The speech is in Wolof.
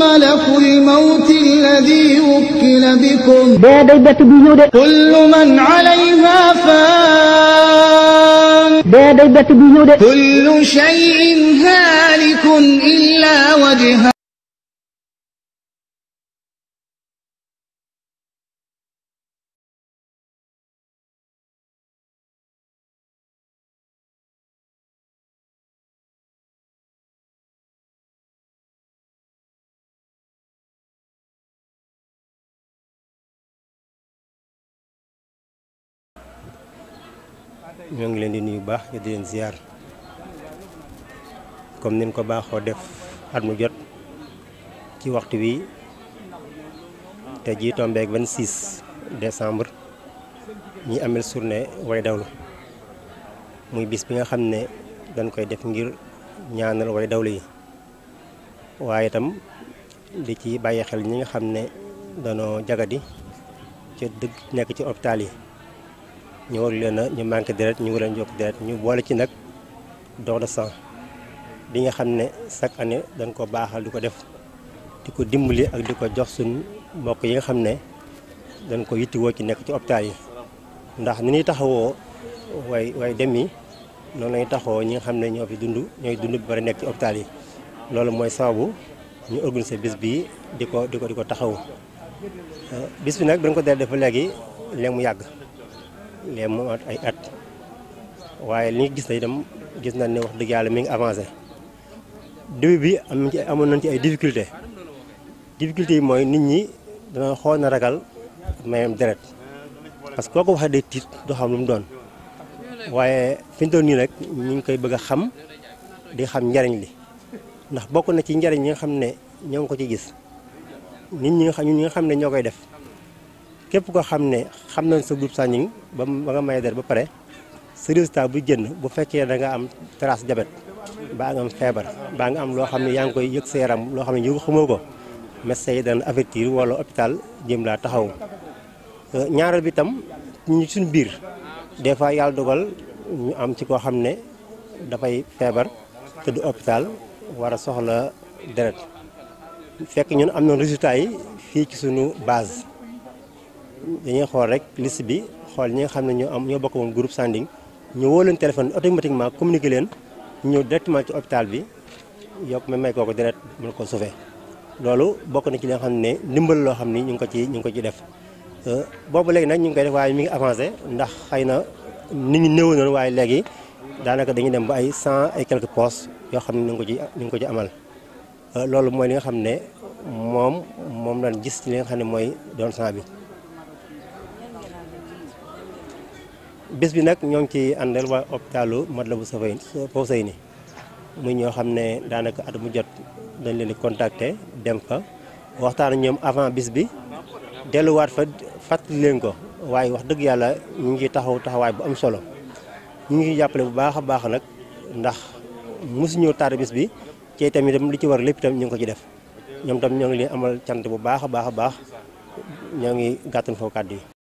ملك الموت الذي وكل بكم كل من عليها فان كل شيء هالك إلا وجهه ñoo ngi leen di nuyu baax di leen ziar comme ni ñu ko baaxoo def at mu jot ci waxtu wi te ji tombeek 26 décembre ñi amel journée way dawlu muy bis bi nga xam ne dañ koy def ngir ñaanal way dawlu yi waaye itam di ci bàyyi xel ñi nga xam ne danoo jagadi ca dëgg nekk ci hôpital yi ñu war leen a ñu manqué deret ñu ngi leen yokk deret ñu boole ci nag dox de sang bi nga xam ne chaque année dañ ko baaxal di ko def di ko dimbali ak di ko jox suñ mbokk yi nga xam ne dañ ko yittiwoo ci nekk ci hôpital yi ndax ni ñuy taxawoo waaye waaye dem yi noonu lañuy taxawoo ñi nga xam ne ñoo fi dund ñooy dund ba bari nekk ci hôpital yi loolu mooy sababu ñu organiser bis bi di ko di ko di ko taxawu bis bi nag dañ ko dee def léegi léegi mu yàgg léegi mu at ay at waaye li ñu gis na dem gis na ne wax dëgg yàlla mi ngi avancé début bi am ci amoon nañ ci ay difficulté difficulté yi mooy nit ñi dana xool na ragal mayam deret parce que koo ko waxee day tiit doo xam lu mu doon waaye fi ñu nii rek ñu ngi koy bëgg xam di xam njariñ li ndax bokk na ci njariñ yi nga xam ne ñoo ngi ko ci gis nit ñi nga xam ñi nga xam ne ñoo koy def képp ko xam ne xam nañ sa groupe Sanning ba ba nga may der ba pare sa résultat bu jënd bu fekkee da nga am trace diabète baa nga am feebar baa nga am loo xam ne yaa ngi koy yëg sa yaram loo xam ne yow xamoo ko médecin yi dana avertir walla hôpital jëm laa taxaw euh, ñaareel bi itam suñ biir des fois yàlla dogal ñu am ci koo xam ne dafay feebar te du hôpital war a soxla deret fekk ñun am na résultat yi fii ci suñu base dañuy xool rek liste bi xool ñi nga xam ne ñu am ñoo bokk moom groupe Sanding ñu woo leen téléphone automatiquement communiqué leen ñëw directement ci hôpital bi yokk même may kooku deret mën ko loolu bokk na ci li xam ne ndimbal loo xam ni ñu ngi ko ci ñu ngi ko ci def euh, boobu léegi nag ñu ngi ko def waaye mu ngi avancé ndax xay na nit ñi néew noonu waaye léegi daanaka dañuy dem ba ay cent ay quelques postes yoo xam ne ñu ngi ko ci ñu ngi ko ci amal euh, loolu mooy li nga xam ne moom moom lañ gis ci li nga xam ne mooy doon sang bi bés bi nag ñoo ngi ciy àndal waa hôpitalu say Fawzayni muy ñoo xam ne daanaka at mu jot dañ leen di contacter dem fa waxtaan ñoom avant bis bi delluwaat fa fàttali leen ko waaye wax dëgg yàlla ñu ngi taxaw taxawaay bu am solo ñu ngi jàppale bu baax a baax nag ndax mosuñoo taar bis bi ci tamit li ci war lépp itam ñu ngi ko ci def ñoom tam ñoo ngi leen amal cant bu baax a baax a baax ñoo ngi gàttan foofu kàddu yi.